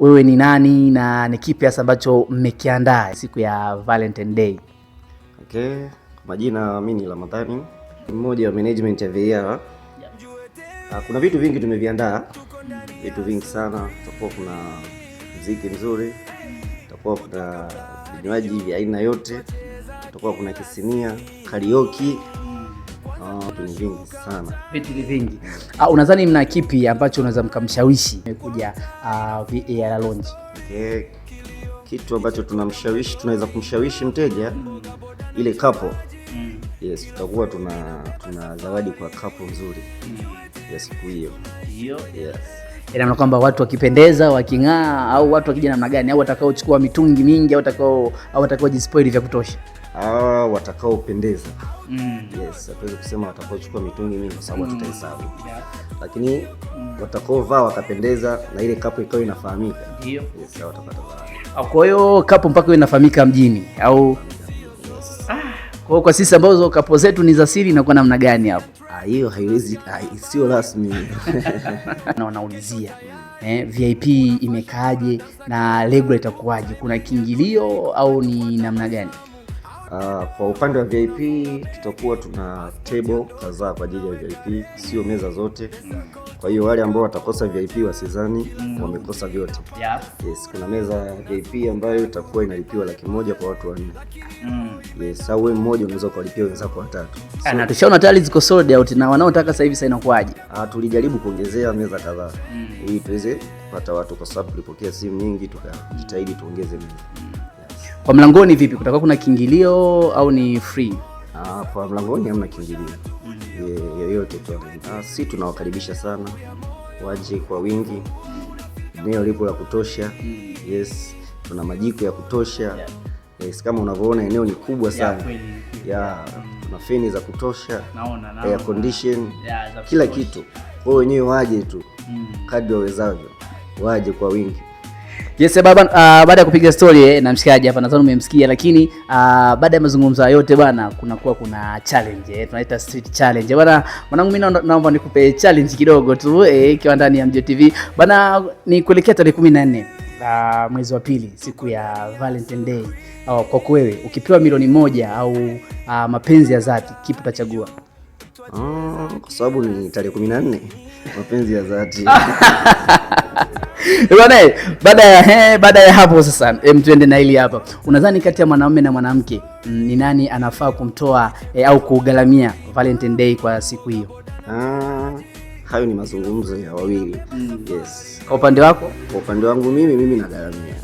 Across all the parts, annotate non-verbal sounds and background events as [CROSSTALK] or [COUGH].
wewe ni nani na ni kipi hasa ambacho mmekiandaa siku ya Valentine Day? Okay, majina mimi ni Ramadhani, mmoja wa management ya VAR. Ah, kuna vitu vingi tumeviandaa, vitu vingi sana. Tutakuwa kuna mziki mzuri, tutakuwa kuna vinywaji vya aina yote, tutakuwa kuna kisinia, karaoke ni vingi sana, vitu ni vingi. Ah, unadhani mna kipi ambacho unaweza mkamshawishi kuja uh, ah, VAR Lounge? Okay. Kitu ambacho tunamshawishi tunaweza kumshawishi mteja mm. ile kapo mm. yes, tutakuwa tuna, tuna zawadi kwa kapo nzuri mm. siku hiyo yes ina kwamba watu wakipendeza, waking'aa au watu wakija namna gani, au watakaochukua mitungi mingi au watakao au watakaojispoil vya kutosha? Ah, watakaopendeza. Mm. Yes, hatuwezi kusema watakaochukua mitungi mingi kwa sababu mm. tutahesabu. Yeah. Lakini mm. watakaovaa wakapendeza na ile kapu ikawa inafahamika. Ndio. Yes, watapata zawadi. Ah, kwa hiyo kapu mpaka inafahamika mjini au yes. Ah, kwa kwa sisi ambazo kapu zetu ni za siri inakuwa namna gani hapo? hiyo haiwezi, sio rasmi [LAUGHS] na wanaulizia eh, VIP imekaaje na regula itakuwaje? Kuna kiingilio au ni namna gani? Uh, kwa upande wa VIP tutakuwa tuna table kadhaa kwa ajili ya VIP, sio meza zote. Hmm. Kwa hiyo wale ambao watakosa VIP wasizani mm. wamekosa vyote yeah. Yes, kuna meza VIP ambayo itakuwa inalipiwa laki moja kwa watu wanne mm. Yes, au wewe mmoja unaweza ukalipia wenzako watatu ah, so, na tushaona tayari ziko sold out na wanaotaka sasa hivi sasa inakuaje? Ah, tulijaribu kuongezea meza kadhaa mm. ili tuweze kupata watu kwa sababu tulipokea simu nyingi tukajitahidi tuongeze meza. Mm. Kwa mlangoni vipi, kutakuwa kuna kiingilio au ni free? kwa mlangoni hamna kiingilio mm-hmm. yoyote tu. Ah, si tunawakaribisha sana waje kwa wingi, eneo lipo la kutosha. Mm. Yes, tuna majiko ya kutosha. Yes, kama unavyoona eneo ni kubwa sana ya mm. tuna feni za kutosha, air condition, kila kitu. Wao wenyewe waje tu mm. kadri wawezavyo, waje kwa wingi. Yes, baba uh, baada ya kupiga story eh, na mshikaji hapa nadhani umemsikia, lakini uh, baada ya mazungumzo yote bwana, kuwa kuna challenge eh, tunaita street challenge bwana. Mwanangu, mimi naomba nikupe challenge kidogo tu eh, ikiwa ndani ya Mjio TV bwana, ni kuelekea tarehe 14 Uh, ah, mwezi wa pili siku ya Valentine Day. uh, oh, kwa kwewe ukipewa milioni moja au uh, mapenzi ya dhati kipi utachagua? Mm kwa sababu ni tarehe 14 mapenzi ya dhati. [LAUGHS] Baada ya baada ya hapo sasa, em, tuende na hili hapa. Unadhani kati ya mwanaume na mwanamke mm, ni nani anafaa kumtoa e, au kugalamia Valentine Day kwa siku hiyo? Ah, hayo ni mazungumzo ya wawili. Mm. Yes. Kwa upande wako? Kwa upande wangu mimi mimi nagalamia.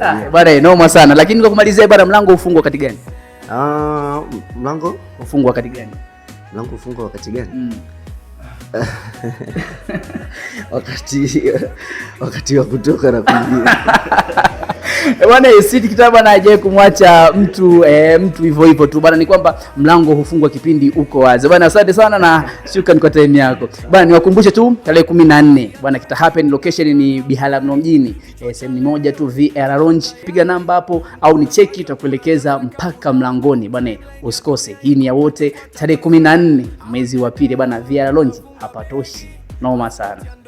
Ah, bwana noma sana, lakini kwa kumalizia bwana, mlango ufungwa kati gani? Ah, mlango ufungwa kati gani? langu kufunga wakati gani? mm. [LAUGHS] wakati wakati wa kutoka na kuingia [LAUGHS] Eh, bwana Sid Kitaba bwana hajawahi kumwacha mtu eh, mtu hivyo hivyo tu bwana, ni kwamba mlango hufungwa kipindi uko wazi bwana. Asante sana na shukrani kwa time yako bwana. Niwakumbushe tu tarehe 14 bwana, kita happen location ni Biharamulo mjini, eh, sehemu moja tu VR Lounge. Piga namba hapo au ni cheki, tutakuelekeza mpaka mlangoni bwana, usikose. Hii ni ya wote, tarehe 14 mwezi wa pili bwana, VR Lounge hapatoshi, noma sana.